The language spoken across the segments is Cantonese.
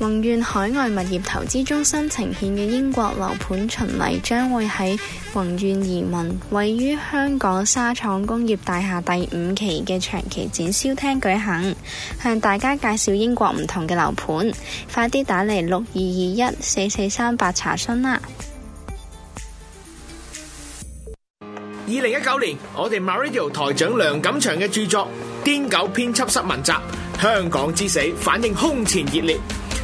宏願海外物業投資中心呈獻嘅英國樓盤巡禮將會喺宏願移民位於香港沙廠工業大廈第五期嘅長期展銷廳舉行，向大家介紹英國唔同嘅樓盤。快啲打嚟六二二一四四三八查詢啦！二零一九年，我哋 MyRadio 台長梁錦祥嘅著作《癲狗編輯失文集》香港之死反應空前熱烈。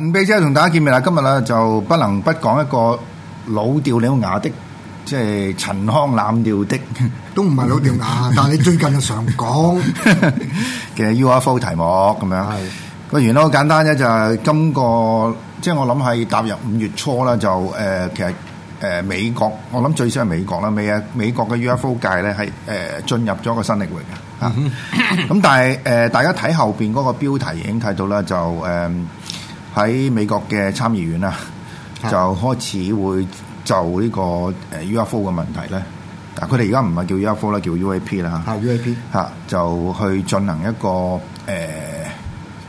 唔碧姐同大家見面啦，今日啦就不能不講一個老掉牙的，即係陳腔濫調的，都唔係老掉牙， 但係你最近就常講嘅 UFO 題目咁樣。個是原因好簡單啫，就係、是、今、這個即係、就是這個就是、我諗係踏入五月初啦，就誒、呃，其實誒、呃、美國，我諗最少係美國啦，美啊美國嘅 UFO 界咧係誒進入咗個新領域嘅啊。咁 但係誒、呃，大家睇後邊嗰個標題已經睇到啦，就誒。就就呃呃喺美國嘅參議院啊，是就開始會就呢個誒 UFO 嘅問題咧。嗱，佢哋而家唔係叫 UFO 咧，叫 UAP 啦嚇。UAP 嚇就去進行一個誒、呃、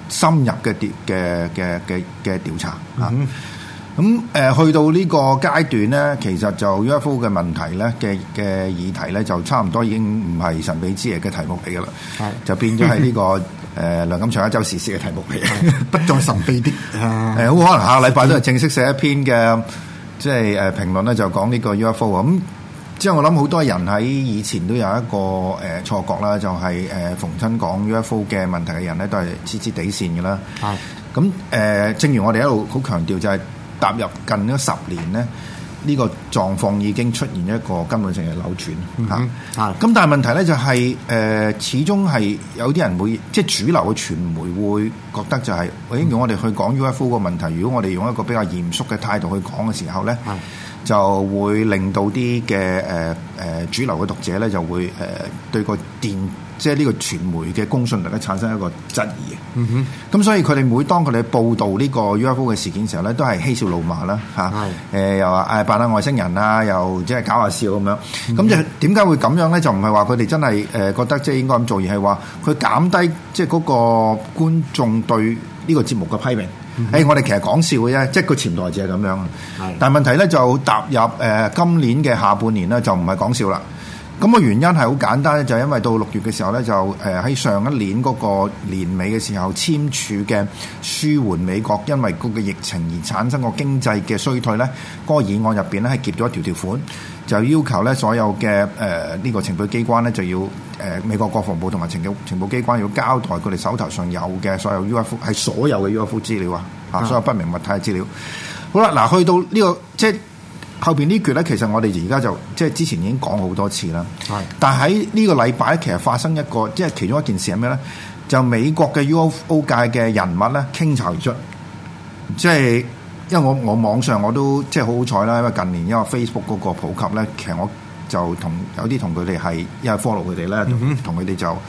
深入嘅嘅嘅嘅嘅調查嚇。咁誒、嗯啊、去到呢個階段咧，其實就 UFO 嘅問題咧嘅嘅議題咧，就差唔多已經唔係神秘之夜嘅題目嚟噶啦。係是就變咗係呢個。 誒梁錦祥一週時事嘅題目嚟，不再神秘啲，誒好可能下個禮拜都係正式寫一篇嘅，即係誒評論咧，就講呢個 UFO 啊咁。即係我諗好多人喺以前都有一個誒錯覺啦，就係誒逢親講 UFO 嘅問題嘅人咧，都係黐黐哋線嘅啦。係咁誒，正如我哋一路好強調，就係踏入近嗰十年咧。呢個狀況已經出現一個根本性嘅扭轉嚇，咁、mm hmm. 啊、但係問題呢、就係，就係誒，始終係有啲人會即係主流嘅傳媒會覺得就係、係，誒、哎、用我哋去講 UFO 個問題，如果我哋用一個比較嚴肅嘅態度去講嘅時候呢，mm hmm. 就會令到啲嘅誒誒主流嘅讀者呢，就會誒、呃、對個電。即係呢個傳媒嘅公信力咧產生一個質疑嘅，咁、嗯、哼所以佢哋每當佢哋報道呢個 UFO 嘅事件時候咧，都係嬉笑怒罵啦，嚇是，誒、呃、又話誒扮下外星人啊，又即係搞下笑咁樣，咁、嗯、哼就點解會咁樣咧？就唔係話佢哋真係誒覺得即係應該咁做，而係話佢減低即係嗰個觀眾對呢個節目嘅批評。誒、嗯哼哎，我哋其實講笑嘅啫，即係個潛台詞就係咁樣。是但係問題咧就踏入誒今年嘅下半年咧，就唔係講笑啦。咁個原因係好簡單咧，就係、因為到六月嘅時候咧，就誒喺上一年嗰個年尾嘅時候簽署嘅舒緩美國因為個疫情而產生個經濟嘅衰退咧，嗰、嗰個議案入邊咧係結咗一條條款，就要求咧所有嘅誒呢個情報機關咧就要誒、呃、美國國防部同埋情報情報機關要交代佢哋手頭上有嘅所有 UFO 係所有嘅 UFO 資料啊，啊所有不明物體資料。嗯、好啦，嗱去到呢、呢個即係。後邊呢句咧，其實我哋而家就即係之前已經講好多次啦。係，是的 但喺呢個禮拜咧，其實發生一個即係其中一件事係咩咧？就美國嘅 UFO 界嘅人物咧，傾巢而出。即係因為我我網上我都即係好好彩啦，因為近年因為 Facebook 嗰個普及咧，其實我就同有啲同佢哋係因為 follow 佢哋咧，同佢哋就。嗯哼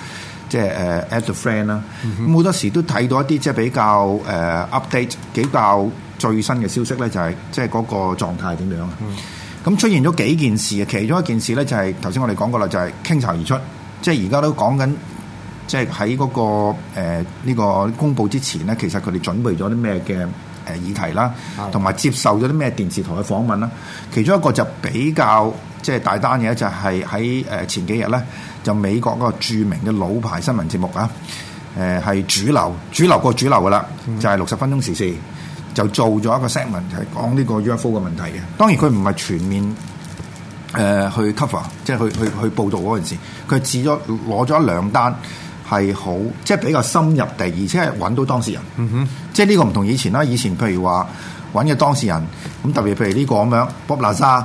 即係誒，at the friend 啦、嗯哼。咁好多時都睇到一啲即係比較誒 update，比較最新嘅消息咧，就係即係嗰個狀態點樣啊？咁、嗯、出現咗幾件事，其中一件事咧就係頭先我哋講過啦，就係、是、傾巢而出。即係而家都講緊，即係喺嗰個呢、呃呢個公佈之前咧，其實佢哋準備咗啲咩嘅誒議題啦，同埋的接受咗啲咩電視台嘅訪問啦。其中一個就比較。即係大單嘢就係喺誒前幾日咧，就美國嗰個著名嘅老牌新聞節目啊，誒、呃、係主流，主流過主流噶啦，嗯、就係六十分鐘時事就做咗一個 segment 就係講呢個 UFO 嘅問題嘅。當然佢唔係全面誒、呃、去 cover，即係去去去報導嗰件事。佢係指咗攞咗兩單係好，即係比較深入地，而且係揾到當事人。嗯哼，即係呢個唔同以前啦。以前譬如話。揾嘅當事人咁特別、這個，譬如呢個咁樣 Bob Lazar，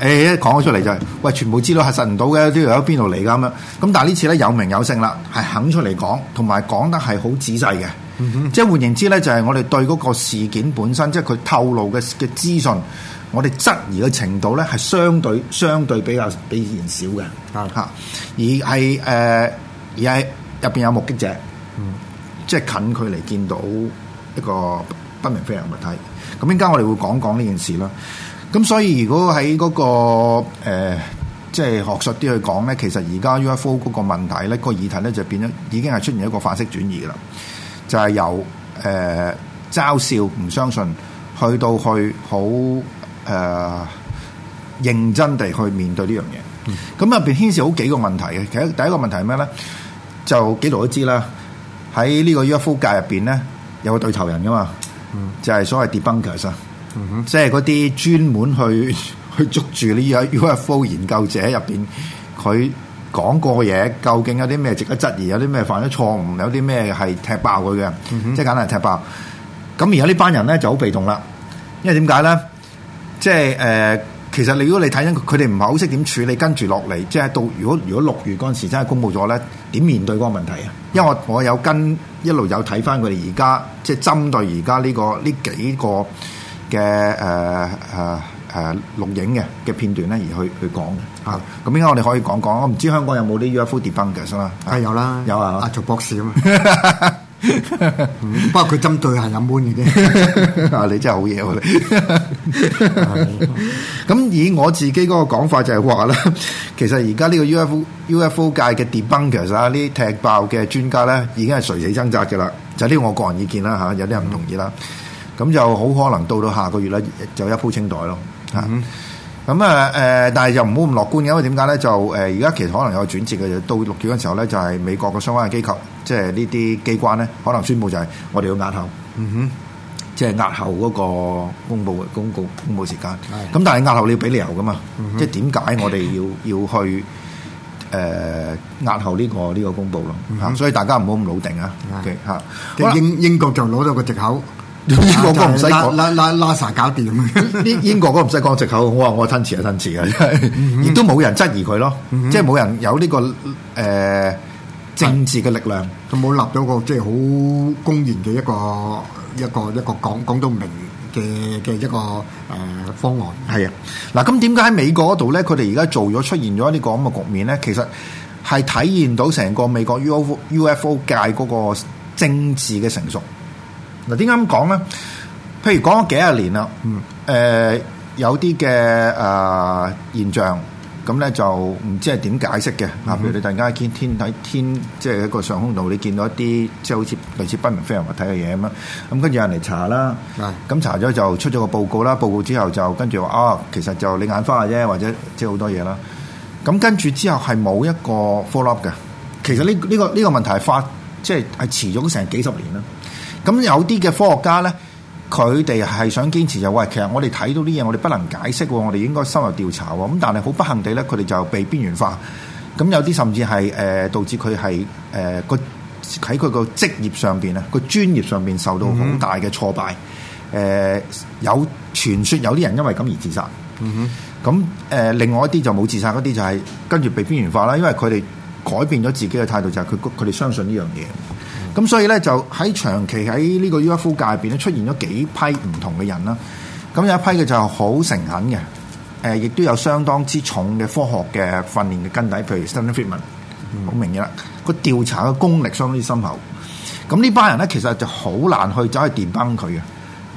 誒一講咗出嚟就係、是、喂，全部資料核實唔到嘅，都喺邊度嚟㗎咁樣。咁但係呢次咧有名有姓啦，係肯出嚟講，同埋講得係好仔細嘅。Mm hmm. 即係換言之咧，就係我哋對嗰個事件本身，即係佢透露嘅嘅資訊，我哋質疑嘅程度咧係相對相對比較比以前少嘅啊，而係誒、呃、而係入邊有目擊者，mm hmm. 即係近距離見到一個不明飛行物體。咁而家我哋會講講呢件事啦。咁所以如果喺嗰、那個誒、呃，即係學術啲去講咧，其實而家 UFO 嗰個問題咧，個議題咧就變咗，已經係出現一個範式轉移噶啦，就係、是、由誒、呃、嘲笑、唔相信，去到去好誒、呃、認真地去面對呢樣嘢。咁入邊牽涉好幾個問題嘅。其實第一個問題係咩咧？就幾度都知啦。喺呢個 UFO 界入邊咧，有個對頭人噶嘛。就係所謂 k e r 啊，即係嗰啲專門去去捉住呢一呢一波研究者入邊，佢講過嘢，究竟有啲咩值得質疑，有啲咩犯咗錯誤，有啲咩係踢爆佢嘅。嗯、哼即係簡單係踢爆。咁而家呢班人咧就好被動啦，因為點解咧？即係誒。呃其實你如果你睇緊佢哋唔係好識點處理，跟住落嚟，即係到如果如果六月嗰陣時真係公佈咗咧，點面對嗰個問題啊？因為我我有跟一路有睇翻佢哋，而家即係針對而家呢個呢幾個嘅誒誒誒錄影嘅嘅片段咧，而去去講嚇。咁應該我哋可以講講，我唔知香港有冇啲 UFO debunkers 啦？係有啦，啊有啊，阿卓、啊、博士啊 不過佢針對係飲杯嘅啫，啊！你真係好嘢喎你。咁以我自己嗰個講法就係話啦，其實而家呢個 U F U F O 界嘅 debunkers 啊，呢踢爆嘅專家咧已經係垂死掙扎嘅啦。就係呢個我個人意見啦吓，有啲人唔同意啦。咁、嗯、就好可能到到下個月咧，就一鋪清袋咯。嗯 咁啊，誒、嗯，但係就唔好咁樂觀嘅，因為點解咧？就誒，而、呃、家其實可能有個轉折嘅，到六月嘅時候咧，就係、是、美國嘅相關嘅機構，即係呢啲機關咧，可能宣布就係我哋要押後，嗯、哼，即係押後嗰個公佈公局公佈時間。咁的但係，押後你要俾理由噶嘛？嗯、哼即係點解我哋要要去誒押、呃、後呢、這個呢、這個公佈咯？嚇，所以大家唔好咁老定啊。OK 英英，英，英國就攞到個藉口。英國嗰唔使講，拉拉拉薩搞掂。啲 英國嗰唔使講借口，我話我吞詞啊吞詞啊，亦都冇人質疑佢咯，嗯、哼即係冇人有呢、這個誒、呃、政治嘅力量，佢冇立到個即係好公然嘅一個一個一個講講到明嘅嘅一個誒、呃、方案。係啊，嗱咁點解喺美國嗰度咧？佢哋而家做咗出現咗呢個咁嘅局面咧？其實係體現到成個美國 U O U F O 界嗰個政治嘅成熟。嗱點解咁講咧？譬如講咗幾廿年啦、嗯呃呃，嗯，有啲嘅誒現象，咁咧就唔知係點解釋嘅。啊，譬如你突然間見天睇天，即係一個上空度，你見到一啲即係好似類似不明飛行物體嘅嘢咁啊，咁跟住有人嚟查啦，咁、嗯嗯、查咗就出咗個報告啦。報告之後就跟住話啊，其實就你眼花嘅啫，或者即係好多嘢啦。咁跟住之後係冇一個 follow up 嘅。其實呢、這、呢個呢、這個問題係發即係係持咗成幾十年啦。咁有啲嘅科學家咧，佢哋係想堅持就話、喂，其實我哋睇到啲嘢，我哋不能解釋喎，我哋應該深入調查喎。咁但係好不幸地咧，佢哋就被邊緣化。咁有啲甚至係誒、呃、導致佢係誒個喺佢個職業上邊咧，個專業上邊受到好大嘅挫敗。誒、嗯哼呃、有傳說有啲人因為咁而自殺。嗯、哼。咁誒、呃、另外一啲就冇自殺嗰啲就係跟住被邊緣化啦，因為佢哋改變咗自己嘅態度，就係佢佢哋相信呢樣嘢。咁所以咧，就喺長期喺呢個 UFO 界入邊咧，出現咗幾批唔同嘅人啦。咁有一批嘅就好誠懇嘅，誒、呃，亦都有相當之重嘅科學嘅訓練嘅根底，譬如 Stephen Fryman，好明嘅啦。個調查嘅功力相當之深厚。咁呢班人咧，其實就好難去走去跌崩佢嘅，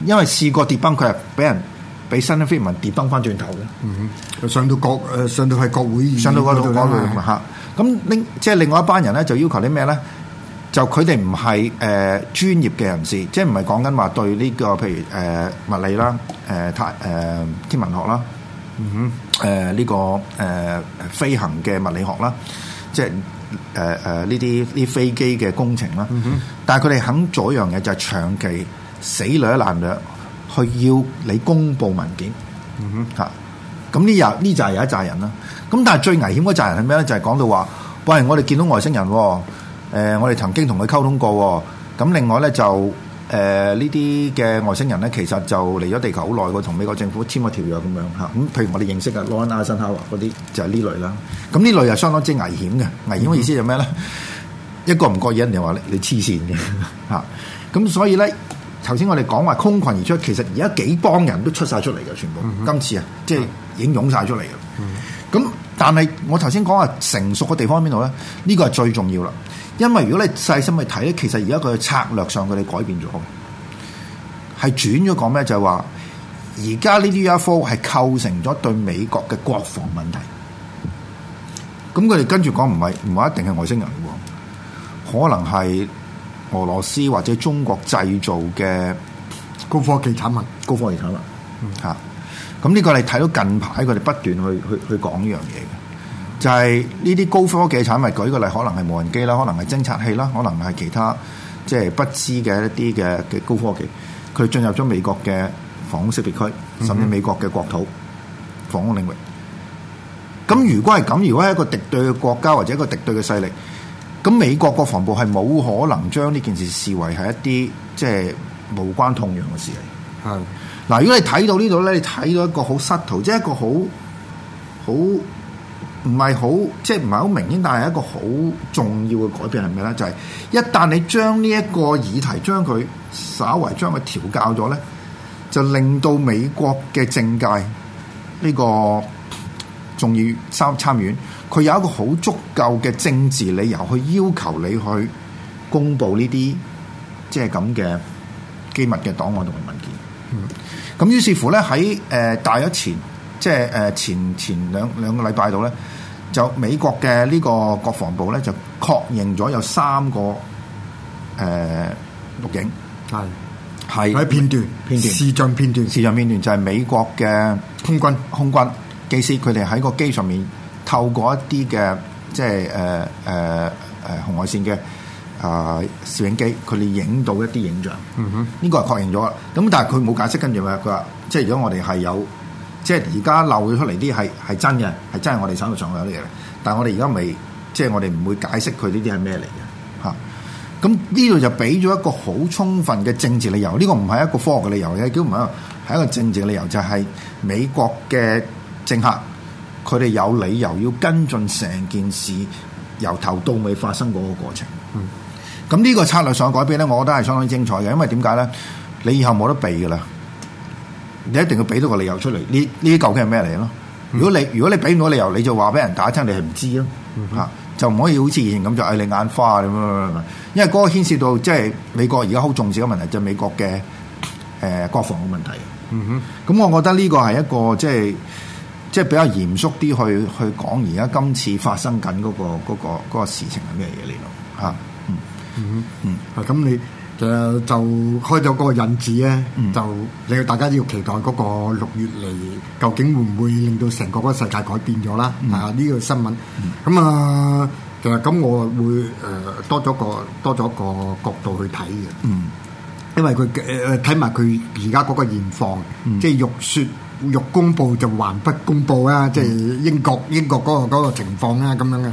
因為試過跌崩佢係俾人俾 Stephen Fryman 跌崩翻轉頭嘅。上到國誒，上到係、那個、也是 國會議，上到個老老壘嚇。咁另即係另外一班人咧，就要求啲咩咧？就佢哋唔係誒專業嘅人士，即係唔係講緊話對呢、呢個譬如誒、呃、物理啦、誒太誒天文學啦、誒呢、嗯哼呃呢個誒、呃、飛行嘅物理學啦，即係誒誒呢啲啲飛機嘅工程啦。嗯、哼但係佢哋肯做一樣嘢，就係長期死掠爛掠，去要你公布文件。嚇、嗯哼！咁呢又呢就係有一紮人啦。咁但係最危險嗰扎人係咩咧？就係、是、講到話，喂，我哋見到外星人，家人，家人家。誒、呃，我哋曾經同佢溝通過喎。咁另外咧就誒，呢啲嘅外星人咧，其實就嚟咗地球好耐個，同美國政府簽個條約咁樣嚇。咁譬如我哋認識嘅 Lawrence Hasson 嗰啲，就係、是、呢類啦。咁呢類又相當之危險嘅。危險嘅意思係咩咧？嗯、哼一個唔覺意人哋話你你黐線嘅嚇。咁所以咧，頭先我哋講話空群而出，其實而家幾幫人都出晒出嚟嘅，全部今次啊，即、就、係、是、已經湧晒出嚟嘅。咁、嗯哼嗯、但係我頭先講話成熟嘅地方喺邊度咧？呢、這個係最重要啦。因為如果你細心去睇咧，其實而家佢嘅策略上佢哋改變咗，係轉咗講咩？就係、是、話，而家呢啲 UFO 係構成咗對美國嘅國防問題。咁佢哋跟住講唔係唔係一定係外星人喎，可能係俄羅斯或者中國製造嘅高科技產品、高科技產品。嚇、嗯！咁呢個你睇到近排佢哋不斷去去去講呢樣嘢。就係呢啲高科技產物，舉個例，可能係無人機啦，可能係偵察器啦，可能係其他即係不知嘅一啲嘅嘅高科技，佢進入咗美國嘅防空識別區，甚至美國嘅國土防空領域。咁如果係咁，如果係一個敵對嘅國家或者一個敵對嘅勢力，咁美國國防部係冇可能將呢件事視為係一啲即係無關痛癢嘅事嚟。係嗱的，如果你睇到呢度咧，你睇到一個好失圖，即係一個好好。唔係好即係唔係好明顯，但係一個好重要嘅改變係咩咧？就係、是、一旦你將呢一個議題，將佢稍為將佢調教咗咧，就令到美國嘅政界呢、呢個重要參參院，佢有一個好足夠嘅政治理由去要求你去公布呢啲即係咁嘅機密嘅檔案同埋文件。咁、嗯、於是乎咧喺誒大一前。即係誒前前兩兩個禮拜度咧，就美國嘅呢個國防部咧就確認咗有三個誒、呃、錄影，係係喺片段片段視像片段視像片段，片段就係美國嘅空軍、嗯、空軍機師佢哋喺個機上面透過一啲嘅即係誒誒誒紅外線嘅啊攝影機佢哋影到一啲影像，嗯哼，呢個係確認咗喇，咁但係佢冇解釋跟住咩，佢話即係如果我哋係有。即係而家漏佢出嚟啲係係真嘅，係真係我哋手上有啲嘢。但係我哋而家未，即係我哋唔會解釋佢呢啲係咩嚟嘅嚇。咁呢度就俾咗一個好充分嘅政治理由，呢、這個唔係一個科學嘅理由嘅，都唔係，係一個政治嘅理由，就係、是、美國嘅政客佢哋有理由要跟進成件事由頭到尾發生嗰個過程。嗯，咁呢個策略上嘅改變咧，我覺得係相當精彩嘅，因為點解咧？你以後冇得避噶啦。你一定要俾到個理由出嚟，呢呢啲究竟係咩嚟咯？如果你如果你俾唔到理由，你就話俾人打親，你係唔知咯嚇、嗯哼，就唔可以好似以前咁就嗌你眼花咁因為嗰個牽涉到即係美國而家好重視嘅問題，就係、美國嘅誒、呃、國防嘅問題。嗯咁哼、嗯、我覺得呢個係一個即係即係比較嚴肅啲去去講而家今次發生緊嗰、嗰個嗰、嗰個嗰個嗰個、事情係咩嘢嚟咯嚇？咁你。就就開咗嗰個引子咧，就你要大家要期待嗰個六月嚟，究竟會唔會令到成個嗰世界改變咗啦？啊，呢個新聞，咁啊，其實咁我會誒多咗個多咗個角度去睇嘅，因為佢誒睇埋佢而家嗰個現況，即係欲說欲公布就還不公布啊！即係英國英國嗰個嗰個情況啊，咁樣嘅。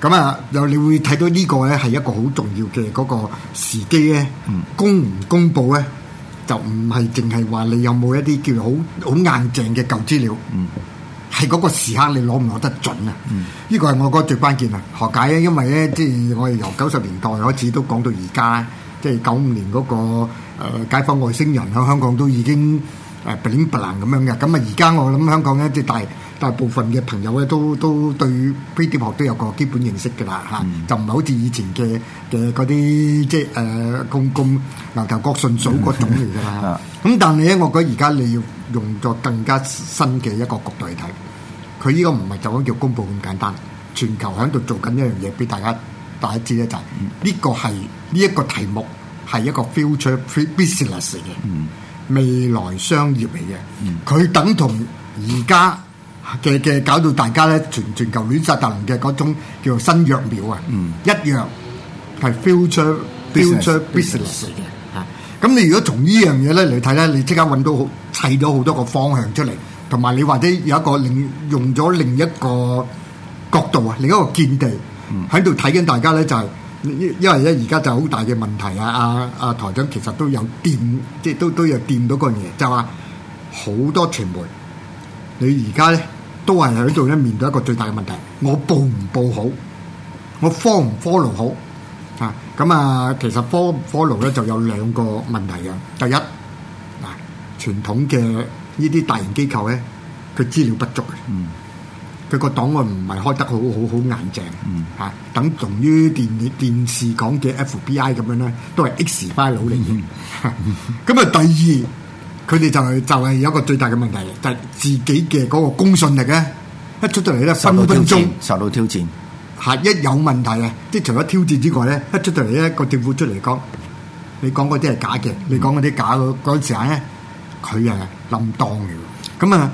咁啊，又你會睇到呢個咧，係一個好重要嘅嗰個時機咧。公唔公佈咧，就唔係淨係話你有冇一啲叫好好硬淨嘅舊資料。係嗰個時刻你攞唔攞得準啊？呢個係我覺得最關鍵啊！何解咧？因為咧，即係我哋由九十年代開始都講到而家即係九五年嗰個誒解放外星人喺香港都已經誒不靈不靈咁樣嘅。咁啊，而家我諗香港咧即係大。大部分嘅朋友咧都都對於飛碟學都有個基本認識嘅啦吓，嗯、就唔係好似以前嘅嘅嗰啲即係誒公咁牛頭角順嫂嗰種嚟嘅啦。咁、嗯嗯嗯、但係咧，我覺得而家你要用咗更加新嘅一個角度去睇，佢呢個唔係就咁叫公布咁簡單，全球響度做緊一樣嘢俾大家大家知咧，就呢、是、個係呢一個題目係一個 future business 嘅、嗯、未來商業嚟嘅，佢、嗯、等同而家。嘅嘅搞到大家咧，全全球亂殺大亂嘅嗰種叫做新藥苗啊，嗯、一樣係 future future business 嘅嚇。咁你、嗯、如果從呢樣嘢咧嚟睇咧，你即刻揾到好砌咗好多個方向出嚟，同埋你或者有一個另用咗另一個角度啊，另一個見地喺度睇緊大家咧、就是，就係因因為咧而家就好大嘅問題啊！阿、啊、阿台長其實都有掂，即係都都有掂到個嘢，就話、是、好多傳媒你而家咧。都係喺度咧，面對一個最大嘅問題，我報唔報好，我 follow 唔 follow 好啊？咁啊，其實 follow 唔 follow 咧就有兩個問題嘅。第一，啊，傳統嘅呢啲大型機構咧，佢資料不足，佢個檔案唔係開得好好好硬正嚇、嗯啊。等同於電電視講嘅 FBI 咁樣咧，都係 X file 嚟嘅。咁啊、嗯， 第二。佢哋就係就係有一個最大嘅問題，就係、是、自己嘅嗰個公信力咧，一出到嚟咧，分分鐘受到挑戰。係一有問題嘅，即係除咗挑戰之外咧，一出到嚟咧，個政府出嚟講，你講嗰啲係假嘅，嗯、你講嗰啲假嗰嗰陣時吓咧，佢啊冧當嘅，咁啊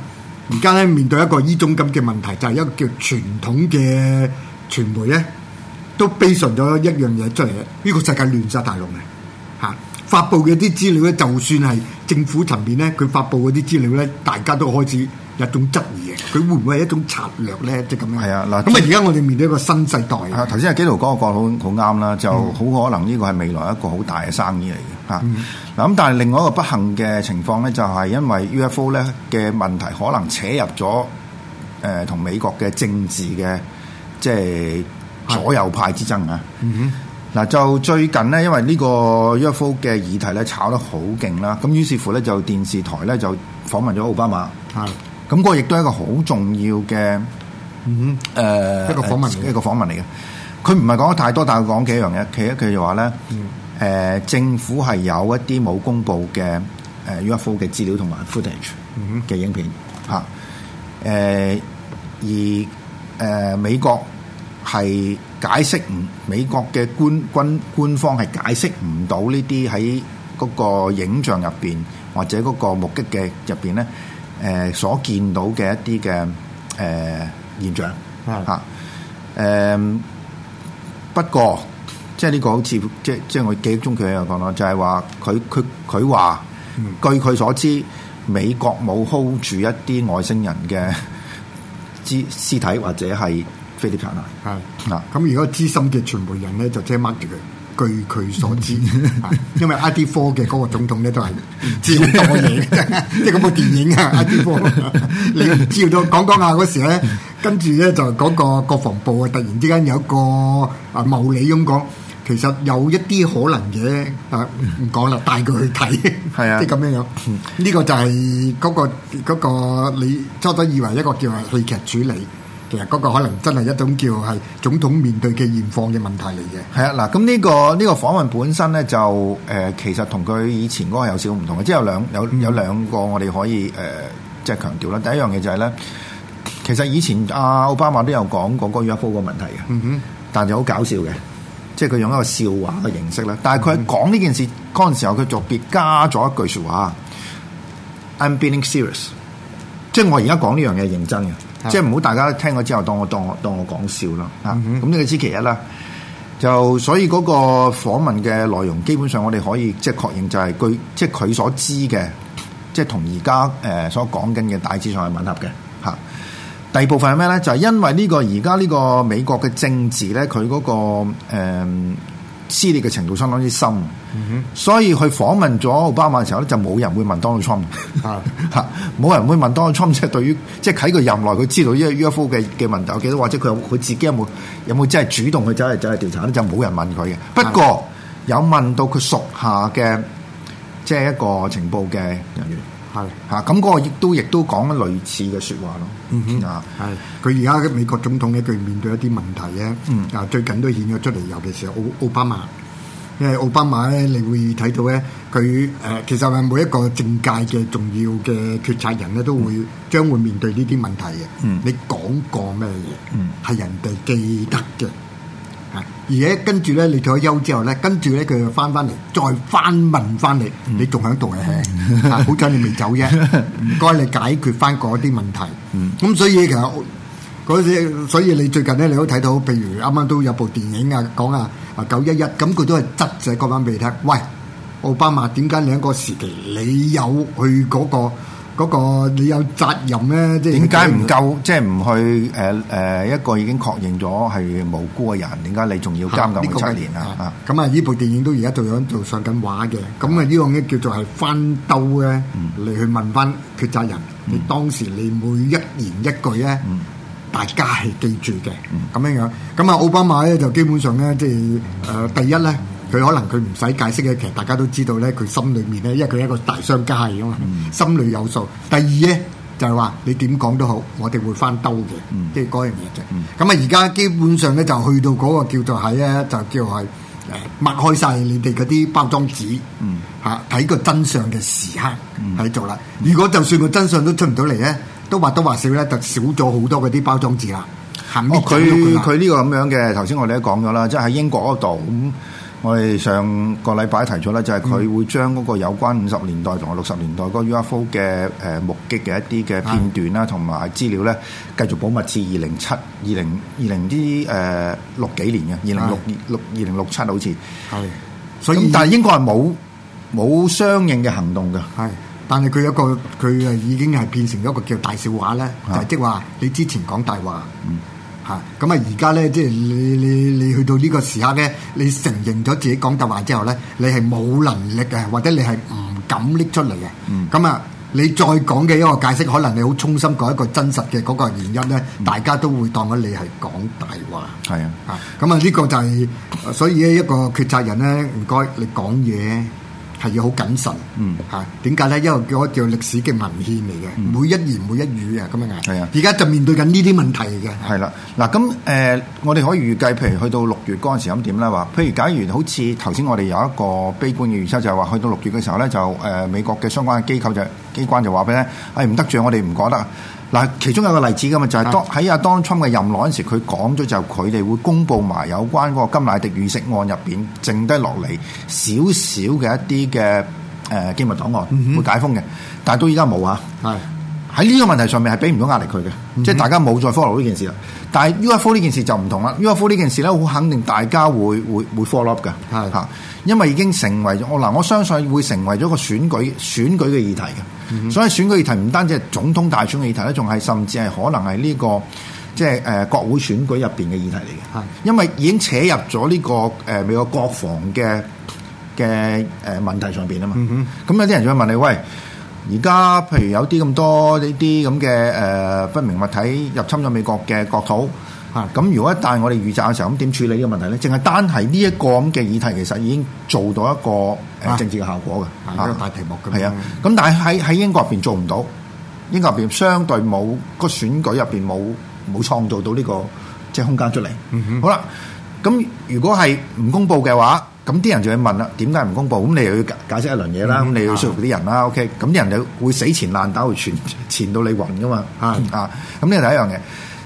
而家咧面對一個呢種咁嘅問題，就係、是、一個叫傳統嘅傳媒咧，都悲馀咗一樣嘢出嚟呢、這個世界亂晒大陸啊！啊！發布嘅啲資料咧，就算係政府層面咧，佢發布嗰啲資料咧，大家都開始有一種質疑嘅，佢會唔會係一種策略咧？即咁樣。係啊，嗱，咁啊，而家我哋面對一個新世代。頭先阿紀陶哥講好，好啱啦，就好可能呢個係未來一個好大嘅生意嚟嘅。嚇！嗱咁，但係另外一個不幸嘅情況咧，就係因為 UFO 咧嘅問題，可能扯入咗誒同美國嘅政治嘅即係左右派之爭啊。嗯哼。嗱就最近咧，因為呢個 UFO 嘅議題咧炒得好勁啦，咁於是乎咧就電視台咧就訪問咗奧巴馬。係的，咁個亦都係一個好重要嘅，嗯哼，呃、一個訪問，一個訪問嚟嘅。佢唔係講得太多，但係講幾樣嘢。其一，佢就話咧，誒、呃、政府係有一啲冇公布嘅誒 UFO 嘅資料同埋 footage 嘅影片嚇。誒而誒、呃、美國。係解釋唔美國嘅官軍官，官方係解釋唔到呢啲喺嗰個影像入邊或者嗰個目擊嘅入邊咧，誒、呃、所見到嘅一啲嘅誒現象嚇誒、啊嗯嗯。不過即係呢個好似即即係我記憶中佢有講咯，就係、是、話佢佢佢話據佢所知美國冇 hold 住一啲外星人嘅屍屍體或者係。非係嗱，咁、嗯、如果資深嘅傳媒人咧，就即係 mark 住佢，據佢所知， 因為 i D 科嘅嗰個總統咧都係少講嘢，即係嗰部電影啊，阿 D 科，你唔知道， 講講下嗰時咧， 跟住咧就嗰、是、個國防部啊，突然之間有一個啊茂理咁講，其實有一啲可能嘅，啊唔講啦，帶佢去睇，係、就是、 啊，即係咁樣樣，呢個就係嗰、那個、那個那個、你初初以為一個叫話戲劇處理。其實嗰個可能真係一種叫係總統面對嘅現況嘅問題嚟嘅。係啊、這個，嗱，咁呢個呢個訪問本身咧就誒、呃，其實同佢以前嗰個有少唔同嘅，即係有兩有有兩個我哋可以誒、呃，即係強調啦。第一樣嘢就係、是、咧，其實以前阿奧、啊、巴馬都有講過關於 UFO 嗰個問題嘅。嗯哼、mm，hmm. 但係好搞笑嘅，即係佢用一個笑話嘅形式咧。但係佢講呢件事嗰陣、mm hmm. 時候，佢特別加咗一句說話 I'm being serious，即係我而家講呢樣嘢認真嘅。即係唔好大家聽咗之後當我當我當我講笑啦，啊咁呢個先其一啦，就、hmm. 嗯、所以嗰個訪問嘅內容基本上我哋可以即係確認就係據即係佢所知嘅，即係同而家誒所講緊嘅大致上係吻合嘅嚇。嗯、第二部分係咩咧？就係、係、因為呢個而家呢個美國嘅政治咧，佢嗰、嗰個、呃撕裂嘅程度相當之深，嗯、哼所以佢訪問咗奧巴馬嘅時候咧，就冇人會問 Donald Trump 嚇嚇，冇的 人會問 Donald Trump 即係對於即係喺佢任內佢知道呢個 UFO 嘅嘅問題，我記得或者佢佢自己有冇有冇真係主動去走嚟走嚟調查咧，就冇人問佢嘅。不過的有問到佢屬下嘅即係一個情報嘅人員。係吓咁嗰個亦都亦都講類似嘅說話咯，啊係佢而家美國總統咧，佢面對一啲問題咧，啊、嗯、最近都顯咗出嚟，尤其是奧奧巴馬，因為奧巴馬咧，你會睇到咧，佢誒、呃、其實係每一個政界嘅重要嘅決策人咧，都會將、嗯、會面對呢啲問題嘅，嗯、你講過咩嘢，係、嗯、人哋記得嘅。而且跟住咧，你退咗休之後咧，跟住咧佢又翻翻嚟，再翻問翻嚟你，你仲喺度呀？好彩你未走啫，唔該你解決翻嗰啲問題。咁所以其實嗰啲，所以你最近咧，你都睇到，譬如啱啱都有部電影啊，講啊啊九一一，咁佢都係質這個班俾你聽。喂，奧巴馬點解兩個時期你有去嗰個？嗰、那個你有責任咧，即係點解唔夠？即係唔去誒誒一個已經確認咗係無辜嘅人，點解你仲要監禁七年、這個、 啊？咁啊，呢部電影都而家仲喺度上緊畫嘅。咁啊，呢個咧叫做係翻兜咧你去問翻決責人，你、嗯、當時你每一言一句咧，嗯、大家係記住嘅。咁樣、嗯、樣，咁啊，奧巴馬咧就基本上咧，即係誒第一咧。 嗯佢可能佢唔使解釋嘅，其實大家都知道咧，佢心裏面咧，因為佢係一個大商家嚟噶嘛，嗯、心裏有數。第二咧就係、係、話你點講都好，我哋會翻兜嘅，嗯、即係嗰樣嘢嘅。咁啊、嗯，而家基本上咧就去到嗰個叫做係咧，就叫係抹開晒你哋嗰啲包裝紙，嚇睇、嗯、個真相嘅時刻喺度啦。嗯、如果就算個真相都出唔到嚟咧，都或多或少咧就少咗好多嗰啲包裝紙啦。佢佢呢個咁樣嘅，頭先我哋都講咗啦，即係喺英國嗰度咁。我哋上個禮拜提咗咧，就係佢會將嗰個有關五十年代同埋六十年代嗰 UFO 嘅誒目擊嘅一啲嘅片段啦，同埋資料咧，繼續保密至二零七、二零二零啲誒六幾年嘅二零六六二零六七好似。係，所以但係應該係冇冇相應嘅行動嘅。係，但係佢有個佢誒已經係變成咗一個叫大笑話咧，就係即係話你之前講大話。嗯嚇！咁啊，而家咧，即係你你你去到呢個時刻咧，你承認咗自己講大話之後咧，你係冇能力嘅，或者你係唔敢拎出嚟嘅。咁啊、嗯，你再講嘅一個解釋，可能你好衷心講一個真實嘅嗰個原因咧，嗯、大家都會當咗你係講大話。係啊、嗯！嚇！咁啊，呢個就係、係、所以咧，一個決策人咧，唔該，你講嘢。係要好謹慎，嗯，吓，點解咧？因為叫我叫歷史嘅文獻嚟嘅，嗯、每一言每一語啊，咁樣啊，係啊，而家就面對緊呢啲問題嘅。係啦。嗱，咁誒，我哋可以預計，譬如去到月嗰陣時咁點咧？話，譬如假如好似頭先我哋有一個悲觀嘅預測就，就係話去到六月嘅時候咧，就誒、呃、美國嘅相關機構就機關就話俾咧，係、哎、唔得住，我哋唔覺得。嗱，其中有一個例子嘅嘛、就是，的就係當喺阿當初嘅任內嗰陣時，佢講咗就佢哋會公布埋有關嗰個甘迺迪遇刺案入邊剩低落嚟少少嘅一啲嘅誒機密檔案會解封嘅，嗯、哼但係到依家冇啊。係。喺呢個問題上面係俾唔到壓力佢嘅，嗯、哼即係大家冇再 follow 呢件事啦。但係 UFO 呢件事就唔同啦，UFO 呢件事咧好肯定大家會會會 follow up 嘅，嚇的，因為已經成為咗我嗱，我相信會成為咗個選舉選舉嘅議題嘅，嗯、哼所以選舉議題唔單止係總統大選嘅議題一種，仲係甚至係可能係呢、這個即係誒國會選舉入邊嘅議題嚟嘅，的因為已經扯入咗呢、這個誒、呃、美國國防嘅嘅誒問題上邊啊嘛，咁有啲人就會問你喂。嗯嗯嗯而家譬如有啲咁多呢啲咁嘅誒不明物體入侵咗美國嘅國土嚇，咁、啊、如果一旦我哋遇襲嘅時候，咁點處理呢個問題咧？淨係單係呢一個咁嘅議題，其實已經做到一個誒、啊、政治嘅效果嘅，啊、一個大屏幕嘅。係啊，咁但係喺喺英國入邊做唔到，英國入邊相對冇個選舉入邊冇冇創造到呢、這個即係、就是、空間出嚟。嗯、哼好啦，咁如果係唔公佈嘅話。咁啲人就會問啦，點解唔公佈？咁你又要解釋一輪嘢啦，咁、嗯、哼你要說服啲人啦是的，OK？咁啲人就會死纏爛打，會纏纏到你暈㗎嘛，啊啊！咁呢個第一樣嘅，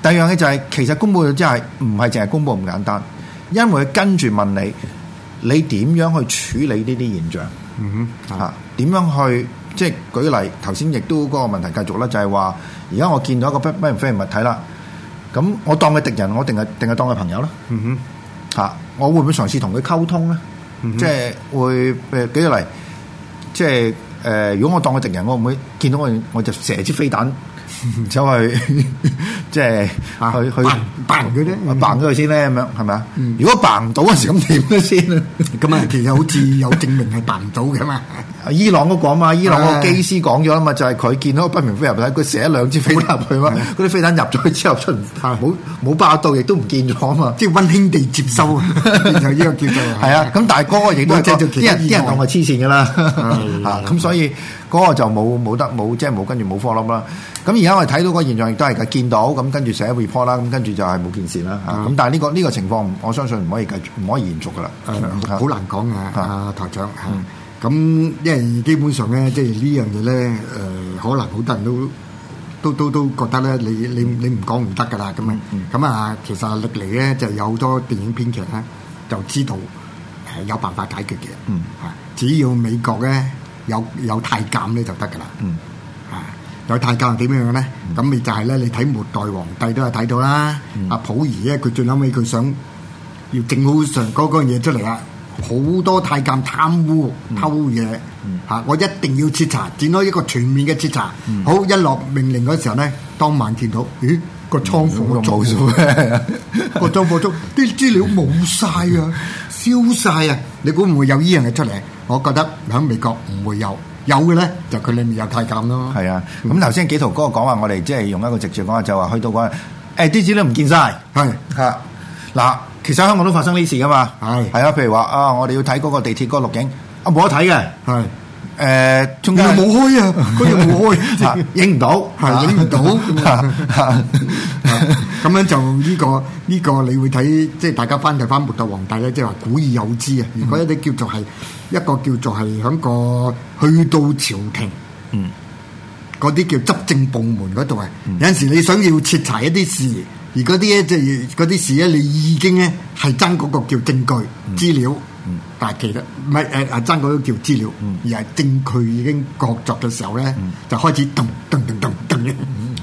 第二樣嘅就係、是、其實公佈咗之後，唔係淨係公佈咁簡單，因為跟住問你，你點樣去處理呢啲現象？嗯、哼，啊，點樣去？即係舉例，頭先亦都嗰個問題繼續啦，就係、是、話，而家我見到一個不不明飛行物體啦，咁我當佢敵人，我定係定係當佢朋友咧？嗯、哼。嚇！我會唔會嘗試同佢溝通咧、嗯哼？即係會誒舉例，即係誒如果我當佢敵人，我唔會見到我我就射支飛彈走 去，即係去去辦佢咧？我辦咗佢先咧，咁樣係咪啊？是是嗯、如果辦唔到嗰時，咁點先啊？咁啊，其實好似有證明係辦唔到嘅嘛。 伊朗都講嘛，伊朗個機師講咗啦嘛，就係佢見到個不明飛入去，佢射兩支飛彈入去嘛，嗰啲飛彈入咗去之後出唔，冇冇爆到亦都唔見咗嘛，即係溫馨地接收，就呢個結果。係啊，咁但係嗰個亦都即係意外，啲人啲人黐線㗎啦，咁所以嗰個就冇冇得冇即係冇跟住冇 follow 啦。咁而家我哋睇到個現象亦都係嘅，見到咁跟住寫 report 啦，咁跟住就係冇件事啦。咁但係呢個呢個情況，我相信唔可以繼續，唔可以延續㗎啦。好難講嘅，阿台長。咁，因為基本上咧，即係呢樣嘢咧，誒、呃，可能好多人都都都都覺得咧，你你你唔講唔得噶啦，咁啊、嗯，咁、嗯、啊，其實歷嚟咧就有好多電影編劇咧，就知道係有辦法解決嘅，啊、嗯，只要美國咧有有，有太監咧就得噶啦，嗯、啊，有太監係點樣嘅咧？咁咪、嗯、就係咧，你睇《末代皇帝》都係睇到啦，阿、嗯嗯、溥儀咧，佢最後尾，佢想要整好上嗰嗰樣嘢出嚟啦。好多太監貪污偷嘢嚇、 啊，我一定要徹查，展開一個全面嘅徹查。 好，一落命令嘅時候咧，當晚見到咦個倉庫做數嘅，個倉庫中啲 無 資料冇晒啊，燒晒啊！你估唔會有依樣嘢出嚟？我覺得喺美國唔會有，有嘅咧就佢裡面有太監咯。係啊，咁頭先幾紀陶哥講話，我哋即係用一個直接講話，就話去到嗰、那個，誒、欸、啲資料唔見晒。係對 啊，嗱。其實香港都發生呢事噶嘛，係，係啊，譬如話啊，我哋要睇嗰個地鐵嗰、嗰個錄影，啊，冇得睇嘅，係誒仲要冇開啊，佢條冇開、啊，影唔 到，係影唔到，咁樣就呢個呢個，呢個、你會睇即係大家翻睇翻《末代皇帝》咧，即係話古已有之啊。如果一啲叫做係、嗯、一個叫做係響個去到朝廷，嗯，嗰啲叫執政部門嗰度啊，有陣時你想要徹查一啲事。而嗰啲咧，即係嗰啲事咧，你已經咧係爭嗰個叫證據、嗯、資料，但係、嗯、其實唔係誒誒爭嗰個叫資料，嗯、而係證據已經確鑿嘅時候咧，嗯、就開始噔噔噔噔噔，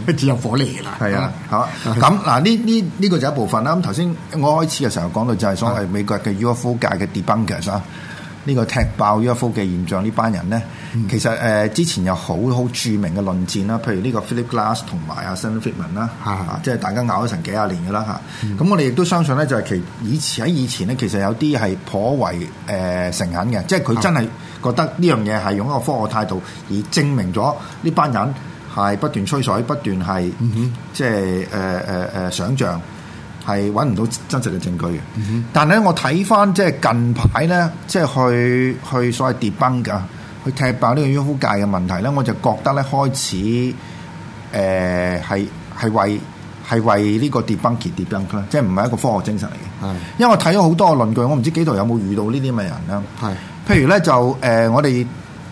一只有火力啦。係啊，嗯、好咁吧嗱，呢呢呢個就一部分啦。咁頭先我開始嘅時候講到就係所謂美國嘅 UFO 界嘅 debunkers 啦、啊。呢個踢爆 UFO 嘅現象，呢班人咧，其實誒、呃、之前有好好著名嘅論戰啦，譬如呢個 Philip Glass 同埋阿 Sander Friedman 啦、啊，嚇、啊，即係大家拗咗成幾廿年嘅啦吓，咁、啊嗯、我哋亦都相信咧，就係、是、其以前喺以前咧，其實有啲係頗為誒誠懇嘅，即係佢真係覺得呢樣嘢係用一個科學態度以證明咗呢班人係不斷吹水、不斷係、嗯、哼即係誒誒誒想象。係揾唔到真實嘅證據嘅，嗯、哼但係咧，我睇翻即係近排咧，即係去去所謂跌崩噶，去踢爆呢個 UFO 界嘅問題咧，我就覺得咧，開始誒係係為係為呢個跌崩而跌崩啦，即係唔係一個科學精神嚟嘅。係是因為我睇咗好多論據，我唔知幾度有冇遇到呢啲咁嘅人啦。係是，譬如咧就誒、呃，我哋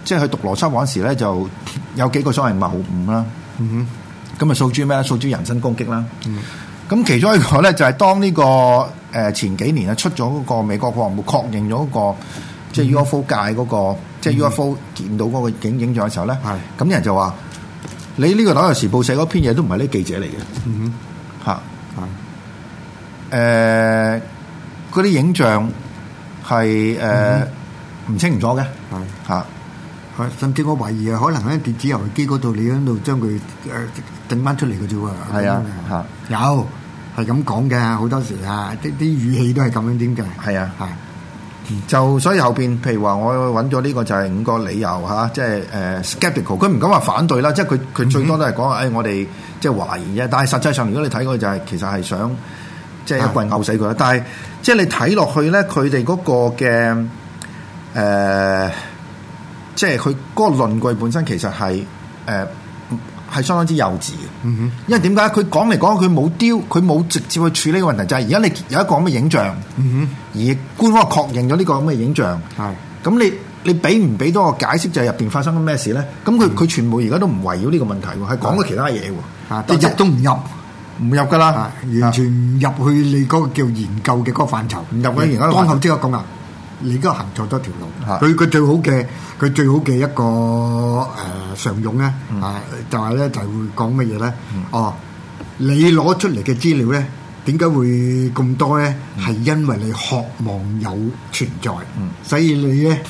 即係去讀邏輯嗰陣時咧，就有幾個所謂謬誤啦。哼，咁啊，訴諸咩咧？訴諸人身攻擊啦。嗯。咁其中一個咧，就係當呢個誒前幾年啊出咗嗰個美國國防部確認咗個即係 UFO 界嗰個即係 UFO 見到嗰個影影像嘅時候咧，係咁啲人就話：你呢個紐約時報寫嗰篇嘢都唔係呢記者嚟嘅，嗯哼，嚇，誒嗰啲影像係誒唔清唔楚嘅，係嚇，係甚至我懷疑啊，可能喺電子遊戲機嗰度你喺度將佢誒整翻出嚟嘅啫喎，係啊，嚇有。係咁講嘅，好多時啊，啲啲語氣都係咁樣點嘅。係啊的，係的。就所以後邊，譬如話我揾咗呢個就係五個理由嚇，即係誒、uh, skeptical。佢唔敢話反對啦，即係佢佢最多都係講誒我哋即係懷疑啫。但係實際上，如果你睇佢就係、是、其實係想即係一個人拗死佢啦。但係即係你睇落去咧，佢哋嗰個嘅誒，即係佢嗰個論據本身其實係誒。呃係相當之幼稚嘅，因為點解佢講嚟講去冇丟，佢冇直接去處理個問題，就係而家你有一個咁嘅影像，嗯、哼而官方確認咗呢個咁嘅影像，係咁是你你俾唔俾到個解釋就係入邊發生咗咩事咧？咁佢佢全部而家都唔圍繞呢個問題喎，係講過其他嘢喎，都是入都唔入，唔是入噶啦，完全唔入去你嗰個叫研究嘅嗰個範疇，唔是入去而家範疇當口即刻咁呀。你而家行錯咗條路，佢佢最好嘅佢最好嘅一個誒常用咧，啊就係咧就係會講乜嘢咧？哦，你攞出嚟嘅資料咧，點解會咁多咧？係因為你渴望有存在，所以你咧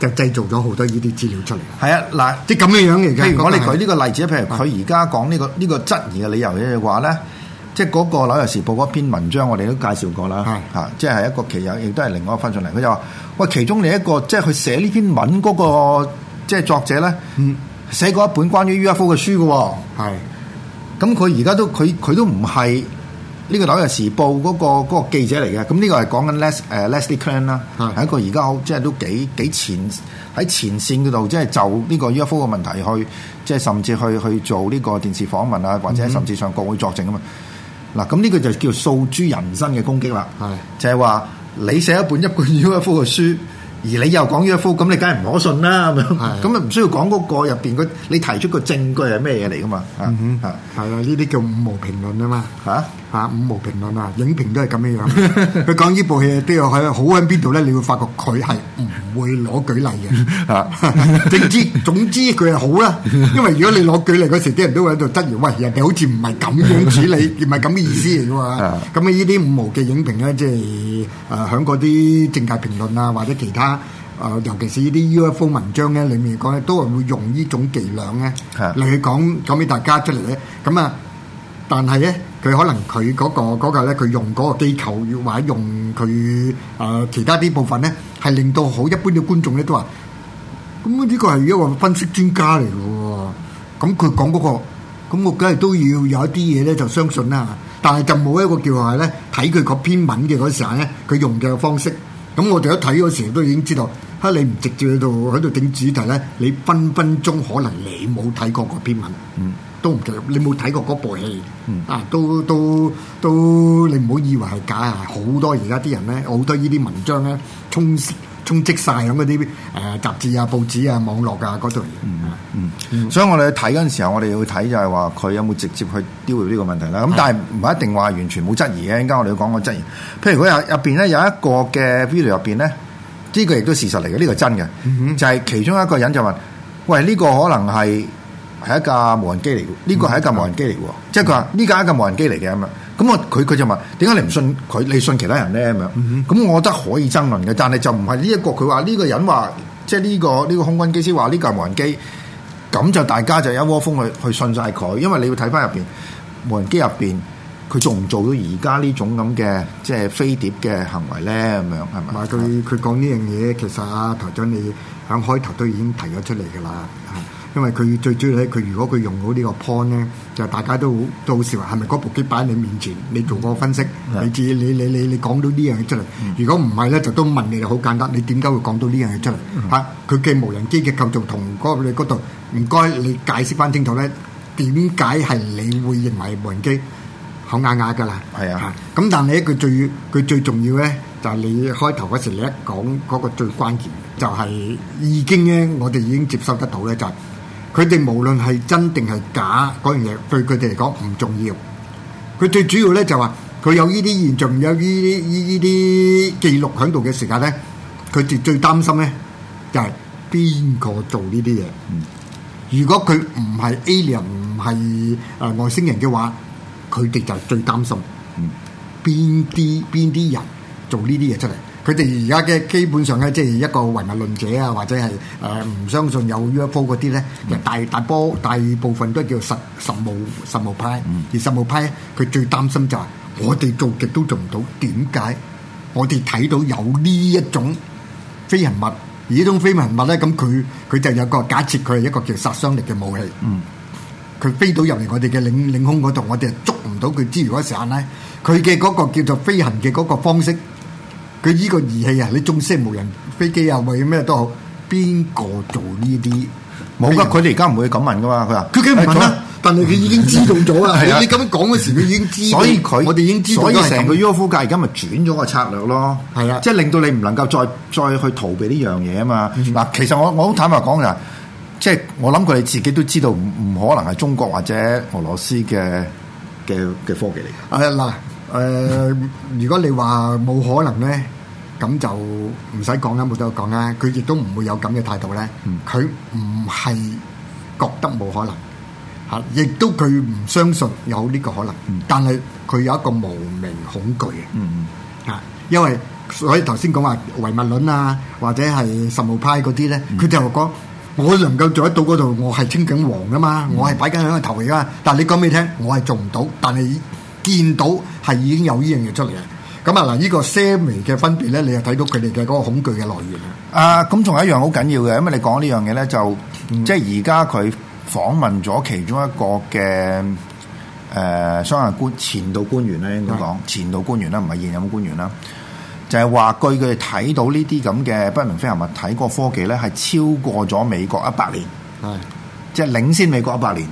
就製造咗好多呢啲資料出嚟。係啊，嗱，即咁嘅樣嚟嘅。如果你舉呢個例子，譬如佢而家講呢個呢個質疑嘅理由嘅話咧。即係、那、嗰個《紐約時報》嗰篇文章，我哋都介紹過啦。係是即係一個記者亦都係另外一個分上嚟。佢就話：喂，其中你一個即係佢寫呢篇文嗰、那個即係作者咧，嗯、寫過一本關於 UFO 嘅書嘅、哦。係是。咁佢而家都佢佢都唔係呢個《紐約時報》嗰、那個嗰、那個、記者嚟嘅。咁呢個係講緊 Les 誒 Leslie Kean 啦是，係一個而家好即係都幾幾前喺前線嗰度，即係就呢、是、個 UFO 嘅問題去，即係甚至去去做呢個電視訪問啊，或者甚至上國會作證啊嘛。嗯嗱，咁呢個就叫訴諸人生嘅攻擊啦，係是的 就係話你寫一本一本 UFO 嘅書，而你又講 UFO，咁你梗係唔可信啦，咁樣，咁啊唔需要講嗰個入邊你提出個證據係咩嘢嚟噶嘛？嗯哼，係啊，呢啲叫五毛評論啊嘛，吓、啊。啊！五毛評論啊，影評都係咁嘅樣。佢講呢部戲都要喺好喺邊度咧，你會發覺佢係唔會攞舉例嘅。啊， 總之總之佢係好啦。因為如果你攞舉例嗰時，啲人都會喺度質疑：喂，人哋好似唔係咁樣處理，唔係咁嘅意思嚟嘅嘛。咁啊，依啲 五毛嘅影評咧，即係誒喺嗰啲政界評論啊，或者其他誒、呃，尤其是呢啲 UFO 文章咧，裡面嚟講咧，都係會用呢種伎倆咧嚟去講 講俾大家出嚟咧。咁啊，但係咧。佢可能佢嗰、那個嗰、那個咧，佢用嗰個機構，或者用佢誒、呃、其他啲部分咧，係令到好一般嘅觀眾咧都話：咁呢個係一個分析專家嚟嘅喎。咁、嗯、佢講嗰、那個，咁、嗯、我梗係都要有一啲嘢咧，就相信啦。但係就冇一個叫話咧睇佢個篇文嘅嗰時候咧，佢用嘅方式。咁、嗯、我哋一睇嗰時都已經知道，嚇、啊、你唔直接喺度喺度頂主題咧，你分分鐘可能你冇睇過個篇文。嗯。都唔你冇睇過嗰部戲啊！都都都，你唔好以為係假啊！好多而家啲人咧，好多呢啲文章咧，充充斥曬咁嗰啲誒雜誌啊、報紙啊、網絡啊嗰度。嗯嗯，所以我哋去睇嗰陣時候，我哋要睇就係話佢有冇直接去丟掉呢個問題啦。咁但係唔係一定話完全冇質疑嘅。依家我哋要講個質疑，譬如如入入邊咧有一個嘅 video 入邊咧，呢、這個亦都事實嚟嘅，呢、這個真嘅。就係、是、其中一個人就話：喂，呢、這個可能係。係一架無人機嚟嘅，呢個係一架無人機嚟嘅，即係佢話呢架係一架無人機嚟嘅咁樣，咁我佢佢就問：點解你唔信佢？你信其他人咧咁樣？咁、嗯、哼我覺得可以爭論嘅，但係就唔係呢一個。佢話呢個人話，即係呢個呢個空軍機師話呢架無人機，咁就大家就一窩蜂去去信晒佢，因為你要睇翻入邊無人機入邊，佢仲唔做到而家呢種咁嘅即係飛碟嘅行為咧？咁樣係咪？佢佢講呢樣嘢，其實阿台長你響開頭都已經提咗出嚟噶啦。因為佢最主要咧，佢如果佢用到呢個 point 咧，就大家都好都好笑，係咪嗰部機擺喺你面前，你做個分析，你至你你你你講到呢樣嘢出嚟？如果唔係咧，就都問你就好簡單，你點解會講到呢樣嘢出嚟？嚇，佢嘅無人機嘅構造同嗰你嗰度唔該，你解釋翻清楚咧，點解係你會認為無人機好啞啞㗎啦？係啊，咁但係咧，佢最佢最重要咧，就係你開頭嗰時你一講嗰個最關鍵，就係已經咧，我哋已經接收得到咧，就係。佢哋無論係真定係假，嗰樣嘢對佢哋嚟講唔重要。佢最主要咧，就係話佢有呢啲現象，有呢啲呢呢啲記錄響度嘅時間咧，佢哋最擔心咧就係邊個做呢啲嘢。嗯，如果佢唔係 alien 唔係誒外星人嘅話，佢哋就係最擔心嗯，邊啲邊啲人做呢啲嘢出嚟。佢哋而家嘅基本上咧，即係一個唯物論者啊，或者係誒唔相信有 UFO 嗰啲咧，大大波大部分都叫實實務實務派。而實務派佢最擔心就係我哋做極都做唔到，點解我哋睇到有呢一種飛行物？而呢種飛行物咧，咁佢佢就有個假設，佢係一個叫殺傷力嘅武器。嗯，佢飛到入嚟我哋嘅領領空嗰度，我哋捉唔到佢。之餘嗰時刻咧，佢嘅嗰個叫做飛行嘅嗰個方式。佢依個儀器啊，你中式無人飛機啊，或者咩都好，邊個做呢啲？冇噶，佢哋而家唔會咁問噶嘛。佢話佢幾問啊？ 但係佢已經知道咗啦、 啊。你咁樣講嗰時，佢已經知道。所以佢，我哋已經知道成個 UFO 界而家咪轉咗個策略咯。係啊，即係令到你唔能夠再再去逃避呢樣嘢啊嘛。嗱、嗯，其實我我好坦白講啊，即、就、係、是、我諗佢哋自己都知道唔可能係中國或者俄羅斯嘅嘅嘅科技嚟。啊嗱。誒，如果你話冇可能咧，咁就唔使講啦，冇得講啦，佢亦都唔會有咁嘅態度咧。佢唔係覺得冇可能嚇，亦都佢唔相信有呢個可能。但係佢有一個無名恐懼啊。嚇，因為所以頭先講話唯物論啊，或者係實務派嗰啲咧，佢就講我能夠做得到嗰度，我係清境王噶嘛，我係擺緊響個頭而家。但係你講俾你聽，我係做唔到，但係。見到係已經有呢樣嘢出嚟嘅，咁啊嗱，呢個些微嘅分別咧，你又睇到佢哋嘅嗰個恐懼嘅來源啊！咁仲有一樣好緊要嘅，因為你講呢樣嘢咧，就、嗯、即係而家佢訪問咗其中一個嘅誒所謂前度官員咧，應該講的前度官員啦，唔係現任官員啦，就係、是、話據佢哋睇到呢啲咁嘅不明飛行物體，睇嗰科技咧係超過咗美國一百年，係的即係領先美國一百年。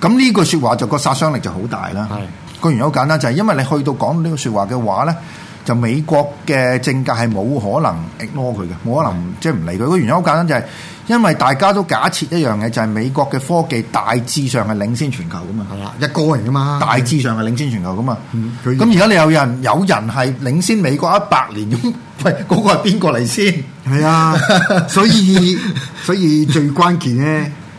咁呢句説話就個殺傷力就好大啦。個的原因好簡單，就係、是、因為你去到講呢句説話嘅話咧，就美國嘅政界係冇可能 ignore 佢嘅，冇的可能即係唔理佢。個原因好簡單，就係、是、因為大家都假設一樣嘢，就係、是、美國嘅科技大致上係領先全球㗎嘛，係啦，一個人㗎嘛，大致上係領先全球㗎嘛。嗯。咁而家你有人有人係領先美國一百年咁， 喂，嗰、那個係邊個嚟先？係啊，所以所以，所以最關鍵咧。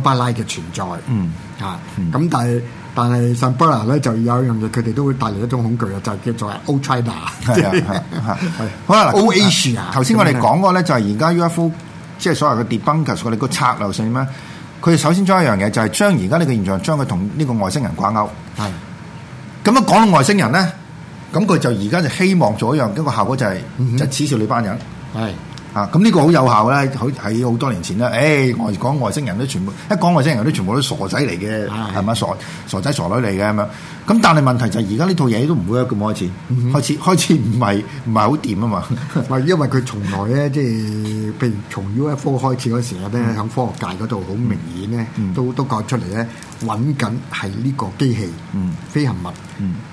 巴拉嘅存在，嗯啊，咁但係但係 Sambala 咧就有一樣嘢，佢哋都會帶嚟一種恐懼啊，就是、叫做 Old China，即係嚇。 好啦，O H，頭先我哋講過咧就係而家 UFO，即係所謂嘅 debunkers，我哋個策略性咩？佢首先一、就是、將一樣嘢就係將而家呢個現象，將佢同呢個外星人掛鈎，係的。咁啊講到外星人咧，咁佢就而家就希望咗一樣一個效果就係、是，嗯，恥笑你班人，係、嗯。啊！咁呢個好有效咧，好喺好多年前啦。誒、哎，講外星人都全部一講外星人都全部都傻仔嚟嘅，係咪的？傻傻仔傻女嚟嘅咁樣。咁但係問題就係而家呢套嘢都唔會有咁開始，開始開始唔係唔係好掂啊嘛，因為佢從來咧即係譬如從 UFO 科開始嗰時咧，喺科學界嗰度好明顯咧，都都覺得出嚟咧，揾緊係呢個機器、飛行物、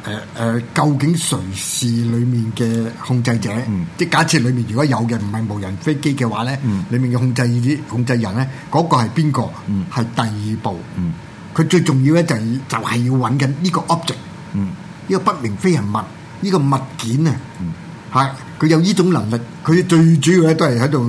誒誒，究竟誰是裡面嘅控制者？即係假設裡面如果有嘅唔係無人飛機嘅話咧，裡面嘅控制控制人咧，嗰個係邊個？係第二步。佢最重要咧就係就係要揾緊呢個 object，呢個不明飛行物，呢個物件啊，係佢有呢種能力。佢最主要咧都係喺度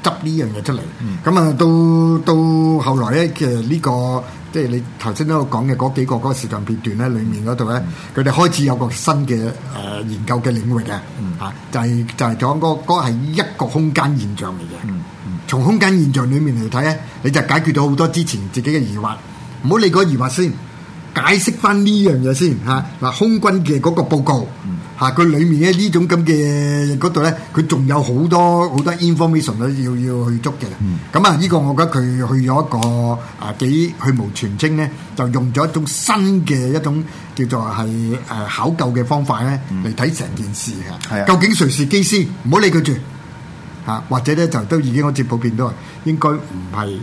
執呢樣嘢出嚟。咁啊、嗯，到到後來咧，其實呢個即係你頭先都講嘅嗰幾個嗰、那個時間片段咧，裏面嗰度咧，佢哋、嗯、開始有個新嘅誒、呃、研究嘅領域嘅，啊、嗯、就係、是、就係講嗰嗰係一個空間現象嚟嘅。嗯嗯、從空間現象裏面嚟睇咧，你就解決咗好多之前自己嘅疑惑。唔好理嗰啲疑惑先，解釋翻呢樣嘢先嚇。嗱，空軍嘅嗰個報告嚇，佢裡面咧呢種咁嘅嗰度咧，佢仲有好多好多 information 咧，要要去捉嘅。咁啊，呢個我覺得佢去咗一個啊幾去蕪存菁咧，就用咗一種新嘅一種叫做係誒考究嘅方法咧嚟睇成件事嘅。究竟誰是機師？唔好理佢住嚇，或者咧就都已經好似普遍都係應該唔係。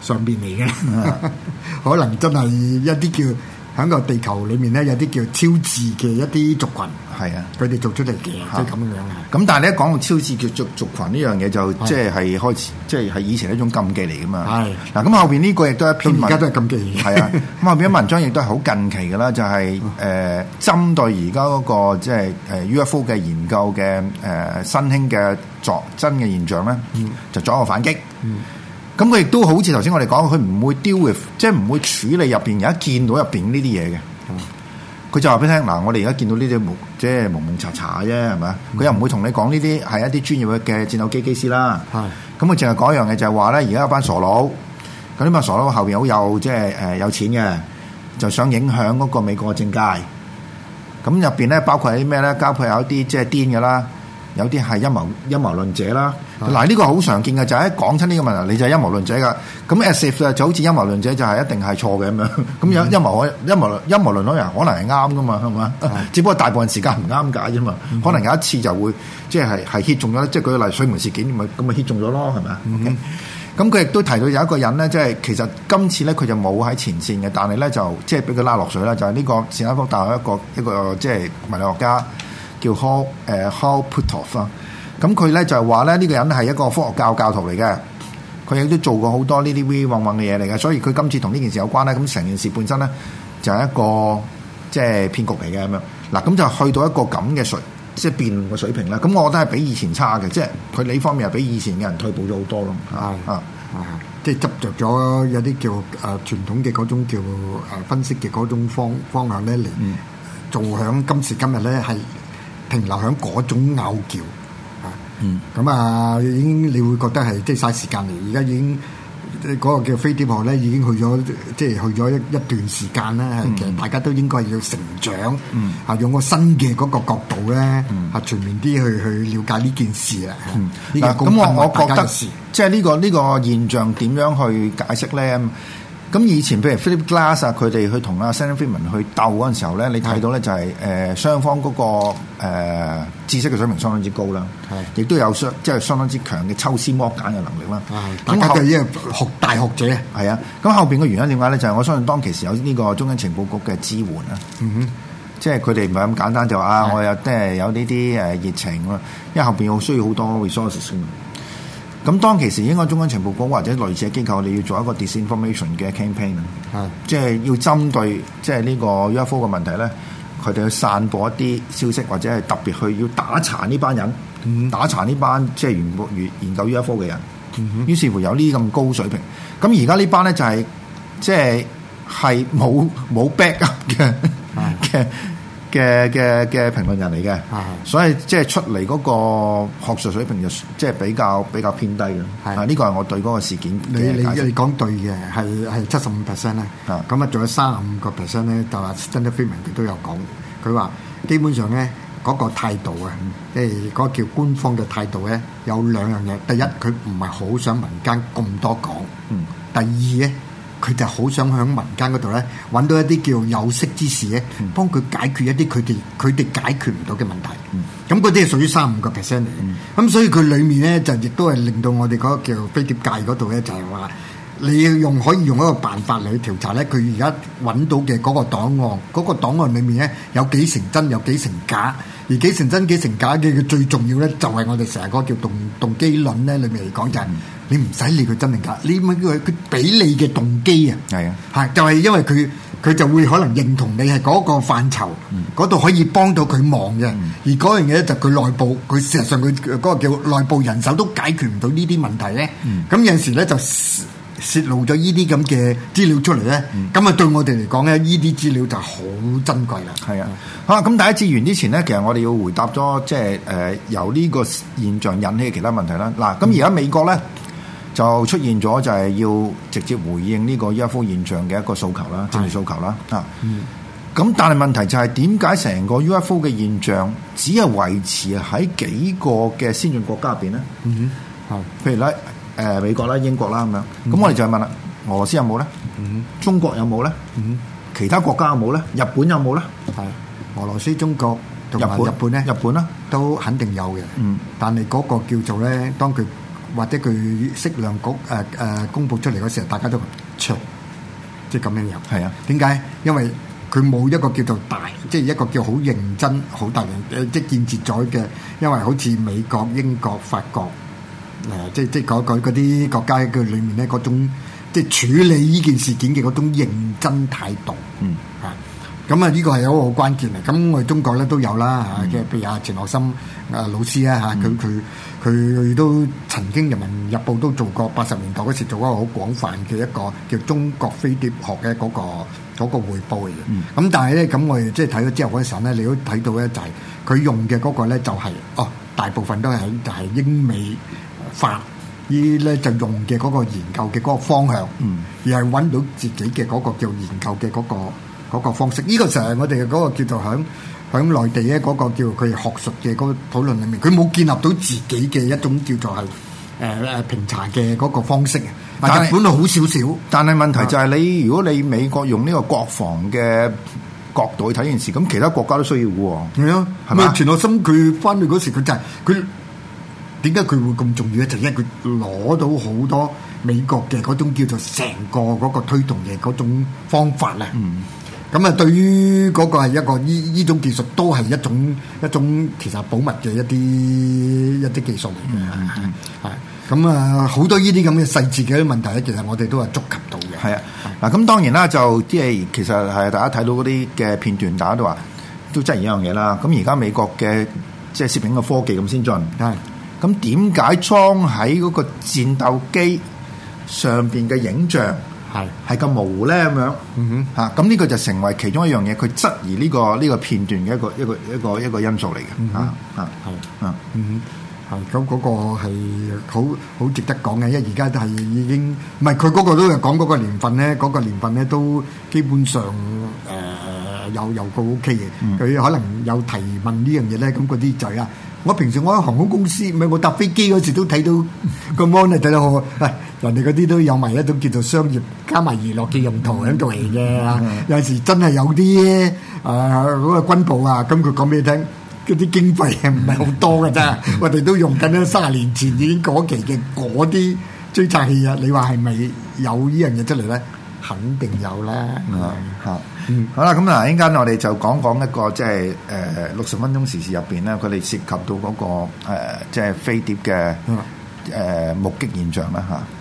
上邊嚟嘅， 可能真係一啲叫喺個地球裏面咧，有啲叫超智嘅一啲族群，係啊，佢哋做出嚟嘅，即係咁樣啊。咁但係你一講到超智叫作族群呢樣嘢，就即係係開始，啊、即係係以前一種禁忌嚟噶嘛。係嗱、啊，咁後邊呢個亦都係一篇文，而家都係禁忌。係啊，咁後邊文章亦都係好近期嘅啦，就係、是、誒、啊呃、針對而家嗰個即係、就、誒、是、UFO 嘅研究嘅誒、呃、新興嘅作真嘅現象咧，就作一個反擊。嗯嗯。咁佢亦都好似頭先我哋講，佢唔會 deal with，即係唔會處理入邊。而家見到入邊呢啲嘢嘅，佢、嗯、就話俾你聽嗱，我哋而家見到呢啲木，即係朦朦查查啫，係咪？佢、嗯、又唔會同你講呢啲係一啲專業嘅嘅戰鬥機機師啦。係、嗯，咁佢淨係講一樣嘢，就係話咧，而家有班傻佬，咁呢班傻佬後邊好有即係誒有錢嘅，就想影響嗰個美國嘅政界。咁入邊咧包括係啲咩咧？交配有一啲即係癲嘅啦。有啲係陰謀陰謀論者啦、啊，嗱呢個好常見嘅就係、是、一講親呢個問題，你就係陰謀論者噶。咁 as if 就好似陰謀論者就係一定係錯嘅咁樣。咁有陰謀可、嗯、陰謀陰謀論人可能係啱噶嘛，係嘛？是只不過大部分時間唔啱解啫嘛。可能有一次就會即係係 hit 中咗，即係舉例水門事件咁咪咁咪 hit 中咗咯，係咪？咁佢亦都提到有一個人咧，即、就、係、是、其實今次咧佢就冇喺前線嘅，但係咧就即係俾佢拉落水啦。就係、是、呢、就是、個史丹福大學一個一個即係物理學家。叫 How 誒 How Put Off 啦，咁佢咧就係話咧呢個人係一個科學教教徒嚟嘅，佢亦都做過好多呢啲歪歪矇矇嘅嘢嚟嘅，所以佢今次同呢件事有關咧，咁成件事本身咧就係一個即係騙局嚟嘅咁樣。嗱咁就去到一個咁嘅水即係辯論嘅水平啦。咁我覺得係比以前差嘅，即係佢呢方面係比以前嘅人退步咗好多咯。係啊，即係執著咗有啲叫誒傳統嘅嗰種叫誒分析嘅嗰種方方向咧嚟做響今時今日咧係。停留喺嗰種拗撬，嚇、嗯，咁啊，已經你會覺得係即係嘥時間嚟。而家已經嗰、嗰個叫飛碟學咧，已經去咗即係去咗一一段時間啦。嗯、其實大家都應該要成長，啊、嗯，用個新嘅嗰個角度咧，啊、嗯，全面啲去去瞭解呢件事啦。咁、嗯嗯、我我覺得即係呢、呢個呢、呢個現象點樣去解釋咧？咁以前譬如 Philip Klass 啊，佢哋去同阿 Stanton Friedman 去鬥嗰陣時候咧，是的 你睇到咧就係、是、誒、呃、雙方嗰、那個、呃、知識嘅水平相當之高啦，亦是的 都有相即係相當之強嘅抽絲剝繭嘅能力啦。咁佢哋依學大學者，係啊，咁後邊嘅原因點解咧？就係我相信當其時有呢個中央情報局嘅支援啦。嗯、哼，即係佢哋唔係咁簡單就話啊，是的 我有即係有呢啲誒熱情咯，因為後邊要需要好多 resource 先。咁當其時，應該中央情報局或者類似嘅機構，你要做一個 disinformation 嘅 campaign 啊的，即係要針對即係呢個 UFO 嘅問題咧，佢哋去散播一啲消息，或者係特別去要打殘呢班人，嗯、打殘呢班即係研究 UFO 嘅人。嗯、哼於是乎有呢咁高水平。咁而家呢班咧就係即係係冇冇 backup 嘅嘅的 嘅嘅嘅評論人嚟嘅，所以即係出嚟嗰個學術水平就即係比較比較偏低嘅。係呢個係我對嗰個事件，你你你講對嘅係係七十五 percent 咧。啊，咁啊仲有三十五個 percent 咧，就話 Stanton Friedman 佢都有講，佢話基本上咧嗰個態度啊，即係嗰個叫官方嘅態度咧，有兩樣嘢。第一，佢唔係好想民間咁多講。嗯。第二咧。佢就好想響民間嗰度咧，揾到一啲叫有識之士咧，嗯、幫佢解決一啲佢哋佢哋解決唔到嘅問題。咁嗰啲係屬於三五個 percent 嚟嘅。咁、嗯、所以佢裡面咧就亦都係令到我哋嗰個叫飛碟界嗰度咧就係話。你要用可以用一個辦法嚟調查咧，佢而家揾到嘅嗰個檔案，嗰、嗰個檔案裏面咧有幾成真，有幾成假，而幾成真幾成假嘅，佢最重要咧就係我哋成日嗰個叫動動機論咧裏面嚟講，就係你唔使理佢真定假，呢乜嘢佢俾你嘅動機啊，係啊，嚇就係因為佢佢就會可能認同你係嗰個範疇，嗰度、嗯、可以幫到佢忙嘅，嗯、而嗰樣嘢咧就佢內部，佢事實上佢嗰個叫內部人手都解決唔到呢啲問題咧，咁、嗯、有時咧就。泄露咗呢啲咁嘅資料出嚟咧，咁啊、嗯、對我哋嚟講咧，呢啲資料就好珍貴啦。係啊，嗯、好嚇！咁第一次完之前咧，其實我哋要回答咗，即係誒由呢個現象引起嘅其他問題啦。嗱、啊，咁而家美國咧就出現咗，就係要直接回應呢個 UFO 現象嘅一個訴求啦，政治訴求啦。啊、嗯，咁、嗯、但係問題就係點解成個 UFO 嘅現象只係維持喺幾個嘅先進國家入邊咧？嗯，哼嗯，嚇，譬如咧。誒美國啦、英國啦咁樣，咁我哋就係問啦，俄羅斯有冇咧？中國有冇咧？其他國家有冇咧？日本有冇咧？係，俄羅斯、中國同埋日本咧，日本啦都肯定有嘅。嗯，但係嗰個叫做咧，當佢或者佢適量局誒誒公佈出嚟嘅時候，大家都搶，即係咁樣入。係啊，點解？因為佢冇一個叫做大，即係一個叫好認真、好大量誒，即係建設咗嘅。因為好似美國、英國、法國。誒，即係即係嗰個啲國家嘅裏面咧，嗰種即係處理呢件事件嘅嗰種認真態度，嗯嚇。咁啊，呢個係一個好關鍵嚟。咁我哋中國咧都有啦，嚇，即係譬如阿錢學森啊老師啊嚇，佢佢佢都曾經《人民日報》都做過八十年代嗰時做一個好廣泛嘅一個叫中國飛碟學嘅嗰個嗰個彙報嚟嘅。咁但係咧，咁我哋即係睇咗之後嗰陣咧，你都睇到咧就係佢用嘅嗰個咧就係哦，大部分都係就係英美。就是英嗯法依咧就用嘅嗰個研究嘅嗰個方向，嗯，而係揾到自己嘅嗰個叫研究嘅嗰、嗰個嗰個方式。呢個就係我哋嘅嗰個叫做喺喺內地咧嗰個叫佢學術嘅嗰討論裡面，佢冇建立到自己嘅一種叫做係誒誒評查嘅嗰個方式啊。但係本來好少少，但係問題就係你如果你美國用呢個國防嘅角度去睇件事，咁其他國家都需要喎。係啊，係嘛吧？錢學森佢翻去嗰時，佢就係、係、佢。點解佢會咁重要咧？就因為佢攞到好多美國嘅嗰種叫做成個嗰個推動嘅嗰種方法啦。嗯。咁啊，對於嗰個係一個呢呢種技術，都係一種一種其實保密嘅一啲一啲技術嚟嘅咁啊，好、嗯嗯、係多呢啲咁嘅細節嘅問題咧，其實我哋都係觸及到嘅。係啊。嗱，咁當然啦，就即係其實係大家睇到嗰啲嘅片段，大家都話都質疑一樣嘢啦。咁而家美國嘅即係攝影嘅科技咁先進。咁點解裝喺嗰個戰鬥機上邊嘅影像係係個模糊咧咁樣？嚇，咁呢個就成為其中一樣嘢，佢質疑呢個呢個片段嘅一個一個一個一個因素嚟嘅嚇嚇係啊嗯嚇，咁嗰個係好好值得講嘅，因為而家都係已經唔係佢嗰個都係講嗰個年份咧，嗰個年份咧都基本上誒有有，有個 O K 嘅，佢、mm hmm. 可能有提問呢樣嘢咧，咁嗰啲就啊、是、～我平時我喺航空公司，唔係我搭飛機嗰時都睇到個 mon 睇得好，喂，人哋嗰啲都有埋一種叫做商業加埋娛樂嘅用途喺度嚟嘅，有時真係有啲誒嗰個軍部啊，咁佢講俾你聽，嗰啲經費係唔係好多嘅啫，我哋都用緊啦，卅年前已經過期嘅嗰啲追察器啊，你話係咪有呢樣嘢出嚟咧？肯定有啦，嚇，嗯，好啦，咁嗱，一陣間我哋就講講一個即係誒六十分鐘時事入邊咧，佢哋涉及到嗰、個即係、呃即係、飛碟嘅誒、呃、目擊現象啦，嚇、嗯。